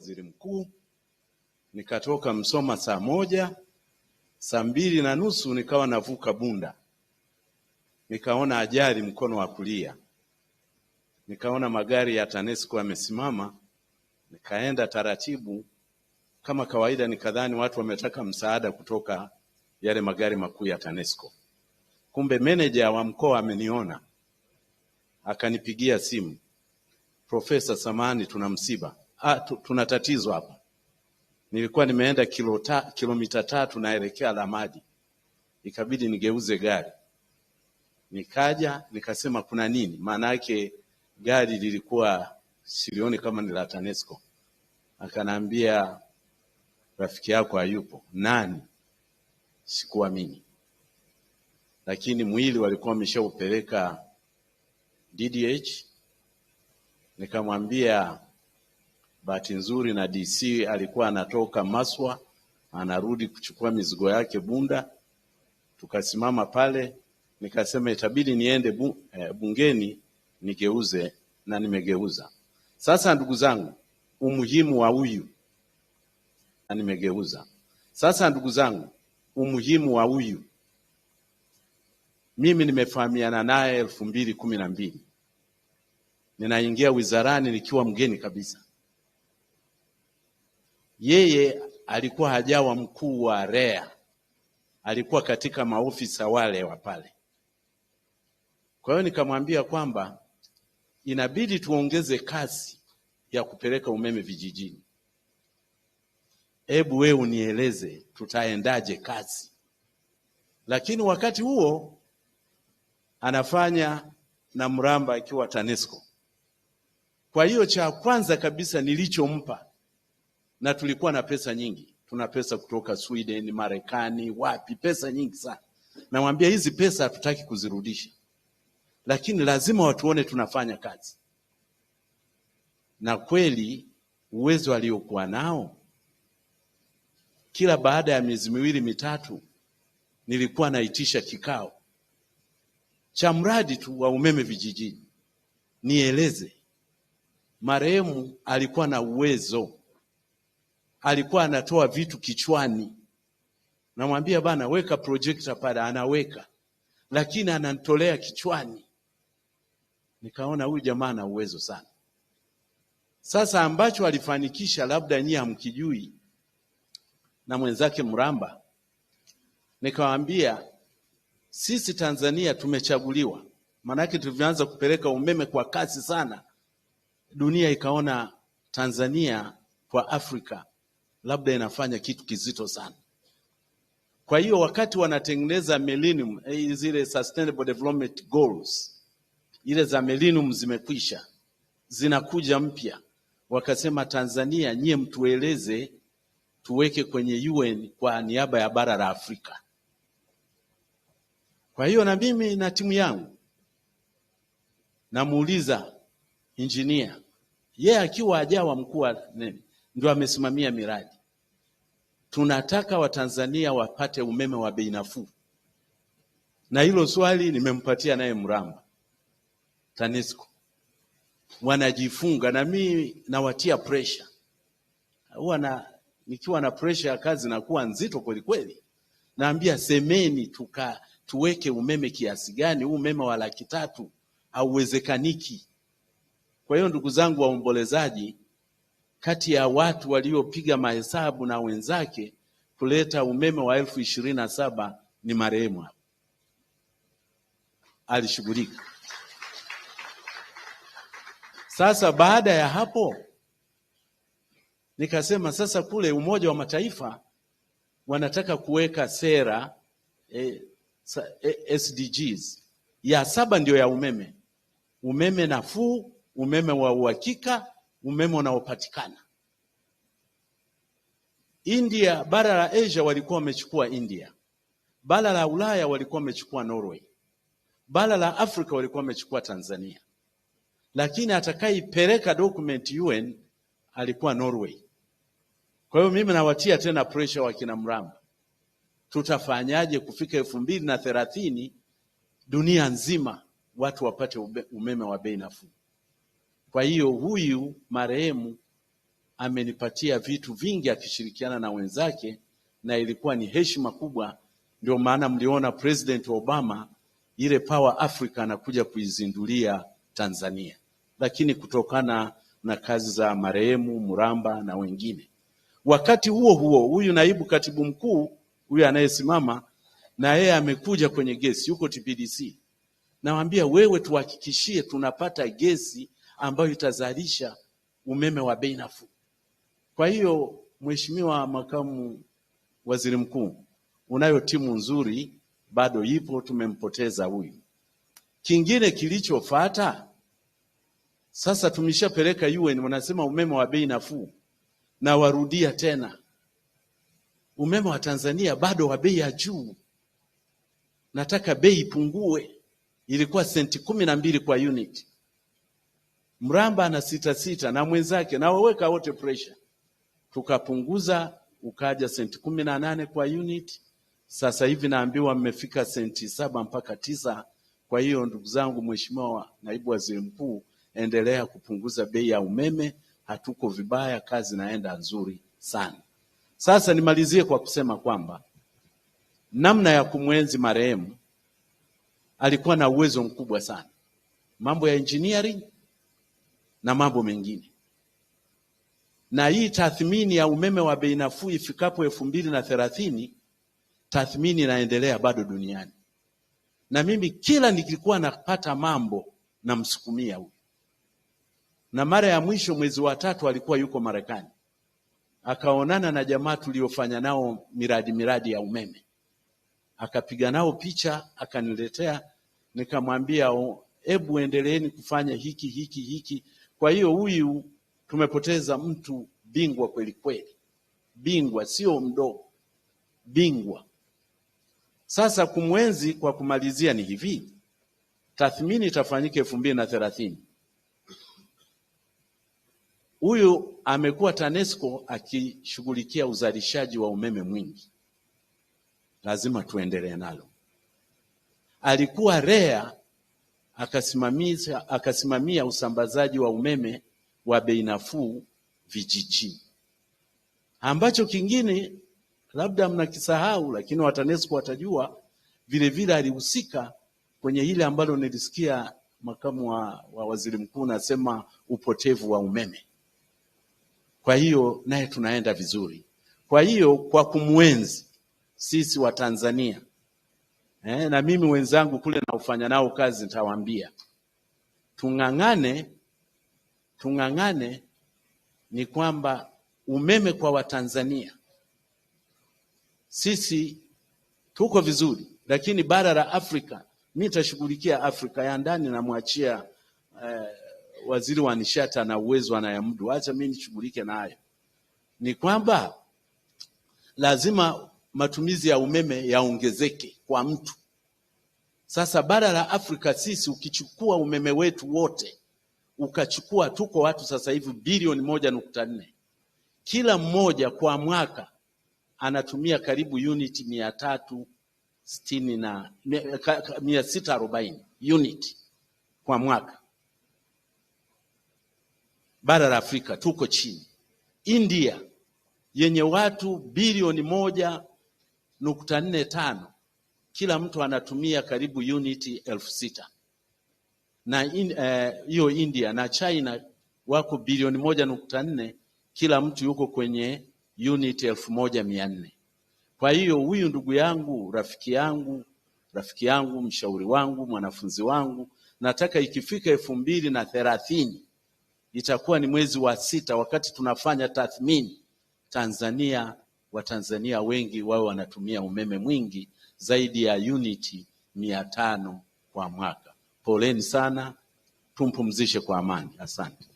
waziri mkuu, nikatoka Msoma saa moja, saa mbili na nusu nikawa navuka Bunda, nikaona ajali mkono wa kulia, nikaona magari ya TANESCO yamesimama, nikaenda taratibu kama kawaida, nikadhani watu wametaka msaada kutoka yale magari makuu ya TANESCO. Kumbe meneja wa mkoa ameniona, akanipigia simu, Profesa, samani tuna msiba ah, tuna tatizo hapa. Nilikuwa nimeenda kilomita kilomita tatu naelekea Lamadi, ikabidi nigeuze gari. Nikaja nikasema kuna nini? Maana yake gari lilikuwa silioni kama ni la TANESCO. Akanaambia rafiki yako hayupo. Nani? Sikuamini, lakini mwili walikuwa wameshaupeleka DDH. Nikamwambia Bahati nzuri na DC alikuwa anatoka Maswa anarudi kuchukua mizigo yake Bunda, tukasimama pale, nikasema itabidi niende bu, eh, bungeni nigeuze, na nimegeuza. Sasa ndugu zangu, umuhimu wa huyu na nimegeuza. Sasa ndugu zangu, umuhimu wa huyu, mimi nimefahamiana naye elfu mbili kumi na mbili ninaingia wizarani nikiwa mgeni kabisa. Yeye alikuwa hajawa mkuu wa REA, alikuwa katika maofisa wale wa pale. Kwa hiyo nikamwambia kwamba inabidi tuongeze kasi ya kupeleka umeme vijijini. Hebu wewe unieleze tutaendaje kazi? Lakini wakati huo anafanya na Mramba akiwa TANESCO. Kwa hiyo cha kwanza kabisa nilichompa na tulikuwa na pesa nyingi, tuna pesa kutoka Sweden, Marekani, wapi, pesa nyingi sana. Namwambia hizi pesa hatutaki kuzirudisha, lakini lazima watuone tunafanya kazi. Na kweli uwezo aliokuwa nao, kila baada ya miezi miwili mitatu nilikuwa naitisha kikao cha mradi tu wa umeme vijijini, nieleze. Marehemu alikuwa na uwezo alikuwa anatoa vitu kichwani, namwambia bana, weka projector pale, anaweka lakini ananitolea kichwani. Nikaona huyu jamaa ana uwezo sana. Sasa ambacho alifanikisha labda nyie hamkijui, na mwenzake Mramba, nikawaambia sisi Tanzania tumechaguliwa, maanake tulivyoanza kupeleka umeme kwa kasi sana, dunia ikaona Tanzania kwa Afrika labda inafanya kitu kizito sana. Kwa hiyo wakati wanatengeneza millennium, eh, zile sustainable development goals, ile za millennium zimekwisha, zinakuja mpya, wakasema Tanzania, nyie mtueleze tuweke kwenye UN kwa niaba ya bara la Afrika. Kwa hiyo na mimi na timu yangu namuuliza injinia, yeye akiwa ajawa mkuu wa nini ndio amesimamia miradi. Tunataka Watanzania wapate umeme wa bei nafuu, na hilo swali nimempatia naye Mramba TANESCO wanajifunga na mimi nawatia pressure. Huwa na nikiwa na pressure ya kazi nakuwa nzito kweli kweli, naambia semeni tuka tuweke umeme kiasi gani? Huu umeme wa laki tatu hauwezekaniki. Kwa hiyo ndugu zangu waombolezaji, kati ya watu waliopiga mahesabu na wenzake kuleta umeme wa elfu ishirini na saba ni marehemu hapa, alishughulika. Sasa baada ya hapo nikasema sasa kule Umoja wa Mataifa wanataka kuweka sera eh, SDGs eh, ya saba ndio ya umeme, umeme nafuu, umeme wa uhakika umeme unaopatikana. India, bara la Asia walikuwa wamechukua India, bara la Ulaya walikuwa wamechukua Norway, bara la Afrika walikuwa wamechukua Tanzania, lakini atakayeipeleka document UN alikuwa Norway. Kwa hiyo mimi nawatia tena pressure kina Mramba, tutafanyaje kufika elfu mbili na thelathini dunia nzima watu wapate umeme wa bei nafuu? Kwa hiyo huyu marehemu amenipatia vitu vingi akishirikiana na wenzake, na ilikuwa ni heshima kubwa. Ndio maana mliona President Obama ile Power Africa anakuja kuizindulia Tanzania, lakini kutokana na kazi za marehemu muramba na wengine. Wakati huo huo, huyu naibu katibu mkuu huyu anayesimama na yeye amekuja kwenye gesi, yuko TPDC. Nawaambia wewe, tuhakikishie tunapata gesi ambayo itazalisha umeme wa bei nafuu. Kwa hiyo, Mheshimiwa Makamu Waziri Mkuu, unayo timu nzuri, bado ipo, tumempoteza huyu. Kingine kilichofuata sasa, tumeshapeleka UN, wanasema umeme wa bei nafuu, na warudia tena umeme wa Tanzania bado wa bei ya juu. Nataka bei ipungue. Ilikuwa senti kumi na mbili kwa unit, mramba na sita sita na mwenzake na waweka wote pressure, tukapunguza ukaja senti kumi na nane kwa unit. Sasa hivi naambiwa mmefika senti saba mpaka tisa. Kwa hiyo ndugu zangu, Mheshimiwa Naibu Waziri Mkuu, endelea kupunguza bei ya umeme, hatuko vibaya, kazi naenda nzuri sana. Sasa nimalizie kwa kusema kwamba namna ya kumwenzi marehemu, alikuwa na uwezo mkubwa sana mambo ya engineering na mambo mengine. Na hii tathmini ya umeme wa bei nafuu ifikapo elfu mbili na thelathini, tathmini inaendelea bado duniani, na mimi kila nikikuwa napata mambo namsukumia huyu, na mara ya mwisho mwezi wa tatu alikuwa yuko Marekani akaonana na jamaa tuliofanya nao miradi miradi ya umeme, akapiga nao picha, akaniletea. Nikamwambia, hebu endeleeni kufanya hiki hiki hiki kwa hiyo huyu tumepoteza mtu bingwa kweli kweli, bingwa sio mdogo, bingwa. Sasa kumwenzi kwa kumalizia ni hivi, tathmini itafanyika elfu mbili na thelathini. Huyu amekuwa TANESCO akishughulikia uzalishaji wa umeme mwingi, lazima tuendelee nalo. Alikuwa REA akasimamia, akasimamia usambazaji wa umeme wa bei nafuu vijijini. Ambacho kingine labda mnakisahau, lakini Watanesco watajua vilevile, alihusika kwenye ile ambalo nilisikia makamu wa, wa waziri mkuu nasema upotevu wa umeme. Kwa hiyo naye tunaenda vizuri. Kwa hiyo kwa kumwenzi sisi wa Tanzania eh, na mimi wenzangu kule naufanya nao kazi nitawaambia tung'ang'ane, tung'ang'ane ni kwamba umeme kwa Watanzania sisi tuko vizuri, lakini bara la Afrika, mi nitashughulikia Afrika ya ndani, namwachia eh, waziri wa nishati ana uwezo anayemudu, acha mi nishughulike nayo. Ni kwamba lazima matumizi ya umeme yaongezeke kwa mtu. Sasa bara la Afrika sisi, ukichukua umeme wetu wote ukachukua, tuko watu sasa hivi bilioni moja nukta nne kila mmoja kwa mwaka anatumia karibu unit mia tatu sitini na mia sita arobaini unit kwa mwaka. Bara la Afrika tuko chini. India yenye watu bilioni moja nukta nne tano kila mtu anatumia karibu uniti elfu sita na eh, hiyo in, uh, India na China wako bilioni moja nukta nne kila mtu yuko kwenye uniti elfu moja mia nne. Kwa hiyo huyu ndugu yangu, rafiki yangu, rafiki yangu, mshauri wangu, mwanafunzi wangu, nataka ikifika elfu mbili na thelathini itakuwa ni mwezi wa sita, wakati tunafanya tathmini Tanzania Watanzania wengi wao wanatumia umeme mwingi zaidi ya uniti mia tano kwa mwaka. Poleni sana, tumpumzishe kwa amani. Asante.